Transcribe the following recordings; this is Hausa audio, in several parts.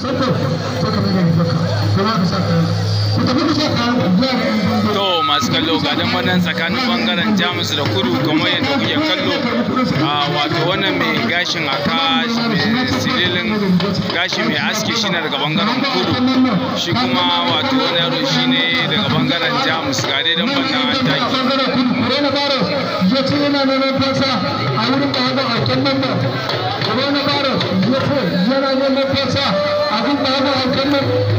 Sakko, sakko mai gani, sakko. Kuma ka sa kayan. to masu kallo ga dan tsakanin bangaren jamus da kudu kuma yadda kuke kallo a ah, wato wannan mai gashin aka sililin gashi mai aski shi daga bangaren kudu shi kuma wato wani yaro shi ne daga bangaren jamus ga dai dan bannan attaki ya ce yana neman fasa a wurin da haka a kan nan ba. da ya ce yana neman fasa a wurin da haka a kan nan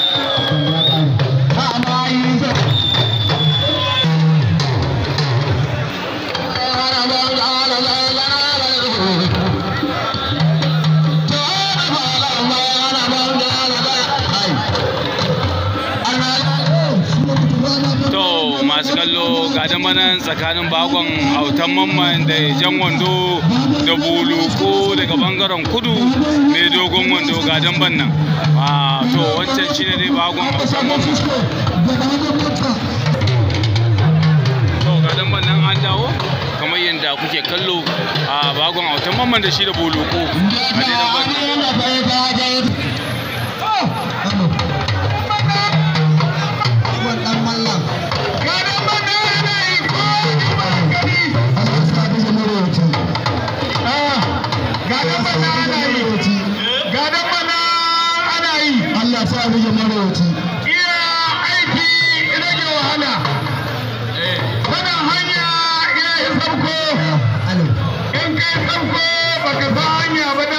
nan tsakanin bakon hautan mamman da jan wando da buluku daga bangaren kudu mai dogon wando ga damban nan a ah, to wancan shine dai bakon hautan mamman to ga damban nan an dawo kamar yadda kuke kallo a bagon autan mamman da shi da buluko a dai damban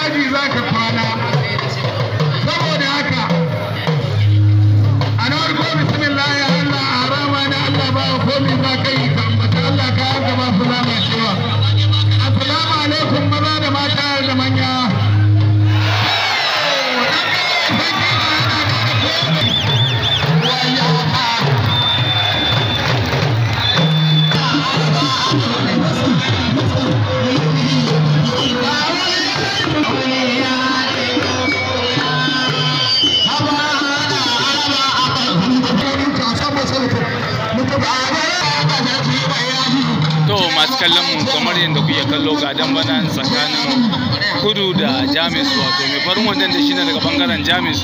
daji like it. gadan bana tsakanin kudu da jamus wato mai farin wajen da shine daga bangaren jamus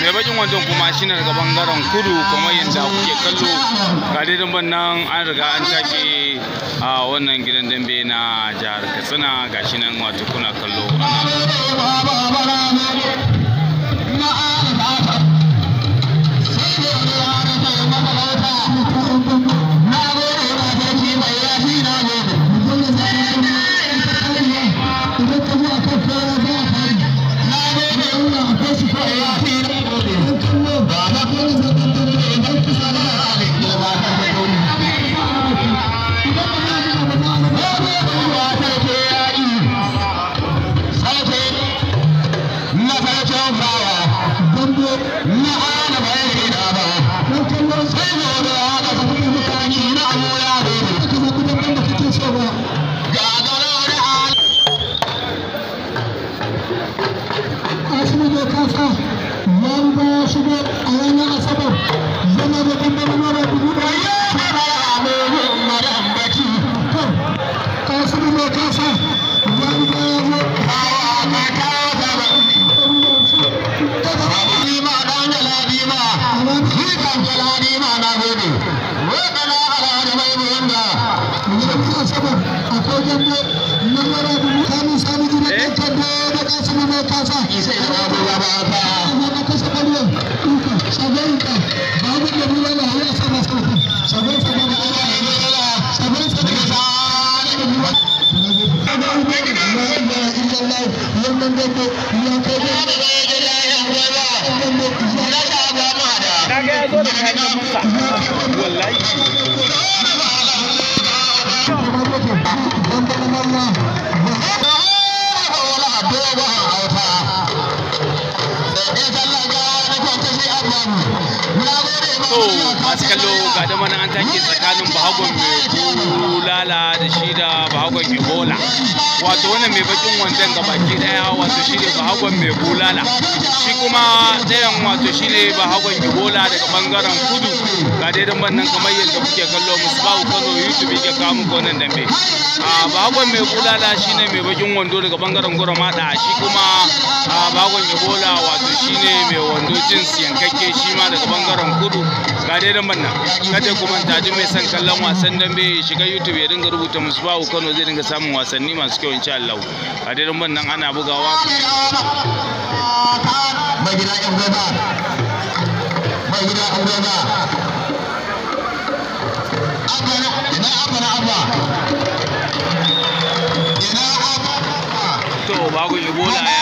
mai bakin wajen kuma shine daga bangaren kudu kamar yadda kuke kallo ga bannan an riga an take a wannan gidan dambe na jihar katsina ga shi nan wato kuna kallo sallallahu wannan da kallo ga dama an take tsakanin bahagon mai da shi da bahagon ebola wato wannan mai bakin wanzan ga baki daya wato shi ne bahagon mai bulala shi kuma dayan wato shi ne bahagon ebola daga bangaren kudu ga dai dan nan kamar yadda kuke kallo musu bawu kano youtube yake kawo muku wannan dambe bahagon mai bulala shi ne mai bakin wando daga bangaren guramada shi kuma bahagon ebola wato shi ne mai wando jins yankakke shi ma daga bangaren kudu ga dai dan wannan kada ku manta mai son kallon wasan dambe shiga youtube ya dinga rubuta musu musbahu kano zai dinga samun wasanni masu kyau insha Allah a daren wannan ana bugawa to babu ibola eh?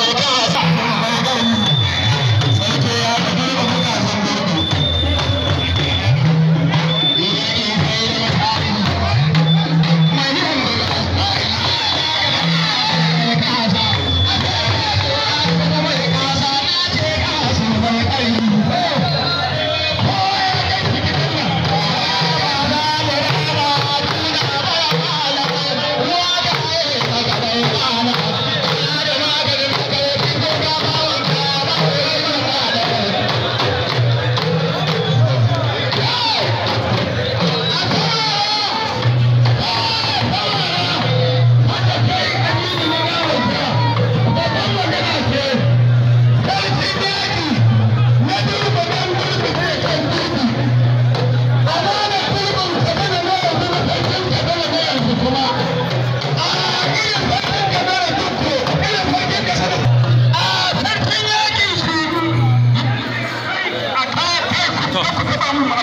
Bravo, bravo.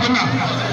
Allah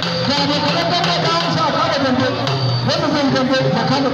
da abokanan dambe da an sa kada dambe wanda zan dambe da kanu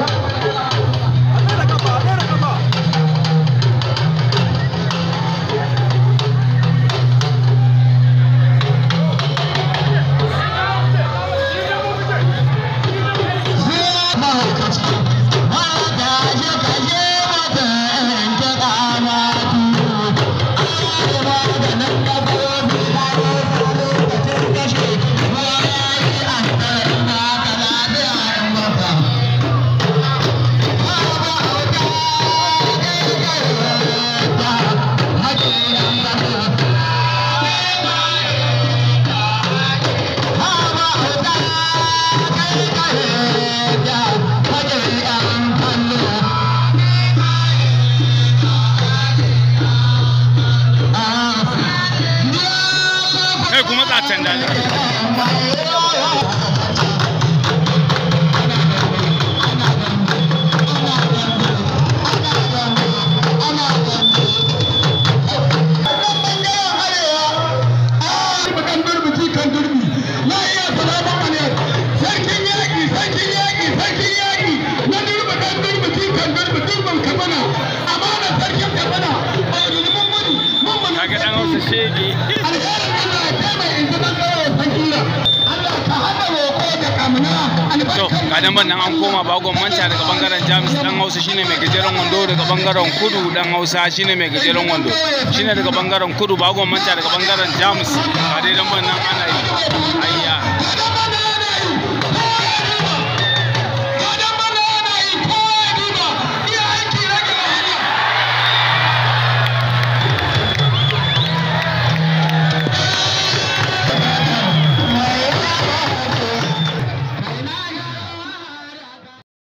idan an koma bagon manta daga bangaren jamus dan hausa shine mai gajeren wando daga bangaren kudu dan hausa shine mai gajeren wando shine daga bangaren kudu bagon manta daga bangaren jamus a daidan nan ana yi